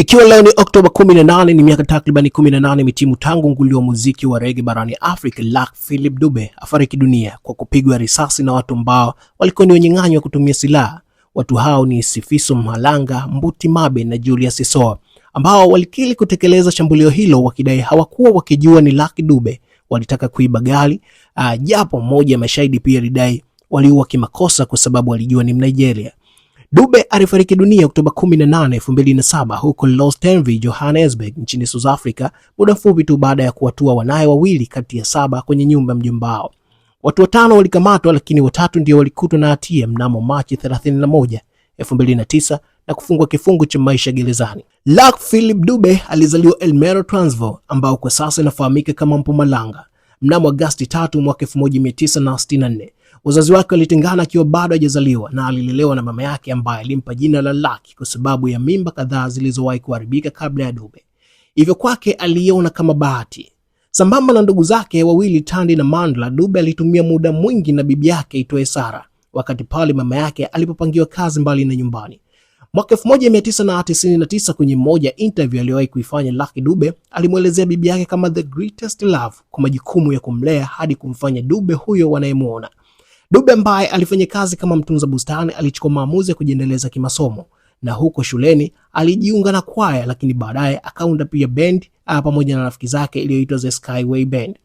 Ikiwa leo ni Oktoba 18, ni miaka takribani 18 mitimu tangu nguli wa muziki wa rege barani Afrika Luck Philip Dube afariki dunia kwa kupigwa risasi na watu ambao walikuwa ni wanyang'anyi wa kutumia silaha. Watu hao ni Sifiso Mhalanga, Mbuti Mabe na Julius Sisoa ambao walikili kutekeleza shambulio hilo wakidai hawakuwa wakijua ni lak Dube, walitaka kuiba gari uh, japo mmoja ya mashahidi pia alidai waliua kimakosa kwa sababu walijua ni Mnigeria. Dube alifariki dunia Oktoba 18, 2007 huko Lost Envy, Johannesburg nchini South Africa, muda mfupi tu baada ya kuwatua wanaye wawili kati ya saba kwenye nyumba ya mjombao. Watu watano walikamatwa, lakini watatu ndio walikutwa na hatia mnamo Machi 31, 2009 na kufungwa kifungo cha maisha gerezani. Luck Philip Dube alizaliwa Elmero Transvaal, ambao kwa sasa inafahamika kama Mpumalanga mnamo Agasti 3 mwaka 1964. Wazazi wake walitengana akiwa bado hajazaliwa na alilelewa na mama yake ambaye alimpa jina la Lucky kwa sababu ya mimba kadhaa zilizowahi kuharibika kabla ya Dube, hivyo kwake aliona kama bahati. Sambamba na ndugu zake wawili Tandi na Mandla, Dube alitumia muda mwingi na bibi yake itwaye Sara, wakati pale mama yake alipopangiwa kazi mbali na nyumbani. Mwaka 1999 kwenye moja interview aliyowahi kuifanya Lucky Dube alimwelezea bibi yake kama the greatest love kwa majukumu ya kumlea hadi kumfanya Dube huyo wanayemwona. Dube ambaye alifanya kazi kama mtunza bustani alichukua maamuzi ya kujiendeleza kimasomo na huko shuleni alijiunga na kwaya, lakini baadaye akaunda pia band ah, pamoja na rafiki zake iliyoitwa The Skyway Band.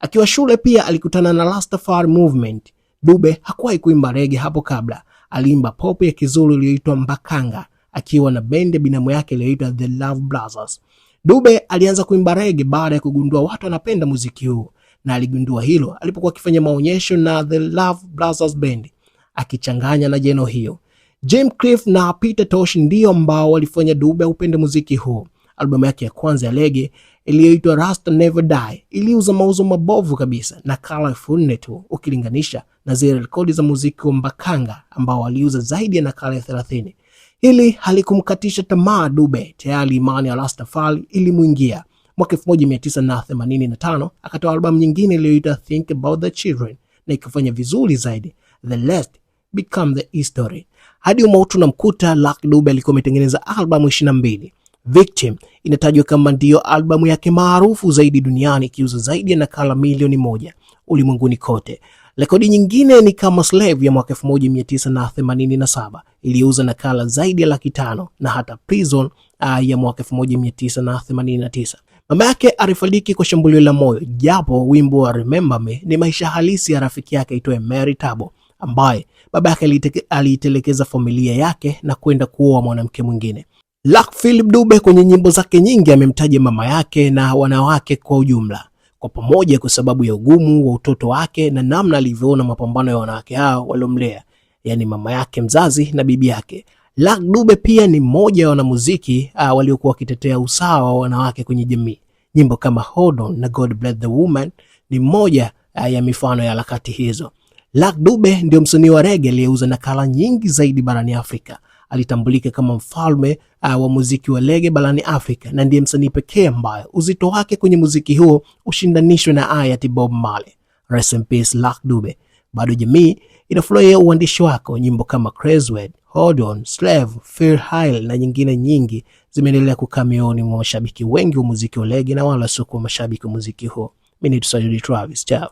Akiwa shule pia alikutana na Rastafari Movement. Dube hakuwahi kuimba rege hapo kabla aliimba pop ya Kizulu iliyoitwa Mbakanga akiwa na bendi ya binamu yake iliyoitwa The Love Brothers. Dube alianza kuimba rege baada ya kugundua watu wanapenda muziki huu, na aligundua hilo alipokuwa akifanya maonyesho na The Love Brothers Band akichanganya na jeno hiyo. Jim Cliff na Peter Tosh ndio ambao walifanya Dube upende muziki huu albamu yake ya kwanza ya Lege iliyoitwa Rust Never Die iliuza mauzo mabovu kabisa na kala elfu nne tu ukilinganisha na zile rekodi za muziki wa Mbakanga ambao waliuza zaidi ya nakala ya thelathini. Hili halikumkatisha tamaa Dube, tayari imani ya Rastafari ilimwingia. Mwaka 1985 akatoa albamu nyingine iliyoitwa Think About the Children na ikafanya vizuri zaidi, the Last become the history. Hadi umauti unamkuta, Lucky Dube alikuwa ametengeneza albamu 22 Victim inatajwa kama ndiyo albamu yake maarufu zaidi duniani ikiuza zaidi ya nakala milioni moja ulimwenguni kote. Rekodi nyingine ni kama Slave ya mwaka 1987 iliyouza nakala zaidi ya laki tano na hata Prison ah, ya mwaka 1989. Mama yake alifariki kwa shambulio la moyo, japo wimbo wa Remember Me ni maisha halisi ya rafiki yake aitwaye Mary Tabo, ambaye baba yake aliitelekeza familia yake na kwenda kuoa mwanamke mwingine. Luck Philip Dube kwenye nyimbo zake nyingi amemtaja mama yake na wanawake kwa ujumla kwa pamoja kwa sababu ya ugumu wa utoto wake na namna alivyoona mapambano ya wanawake hao waliomlea, yaani mama yake mzazi na bibi yake. Luck Dube pia ni mmoja wa wanamuziki uh, waliokuwa wakitetea usawa wa wanawake kwenye jamii. Nyimbo kama Hold On na God Bless the Woman ni moja uh, ya mifano ya harakati hizo. Luck Dube ndio msanii wa rege aliyeuza nakala nyingi zaidi barani Afrika alitambulika kama mfalme uh, wa muziki wa lege barani Afrika na ndiye msanii pekee ambaye uzito wake kwenye muziki huo ushindanishwe na hayati Bob Marley. Rest in peace Luck Dube. Bado jamii inafurahia uandishi wako. Nyimbo kama Crazed, Hold On, Slave, Feel High na nyingine nyingi zimeendelea kukaa mwa mashabiki wengi wa muziki wa lege na wala sio kwa mashabiki wa muziki huo. Mimi ni Travis, ciao.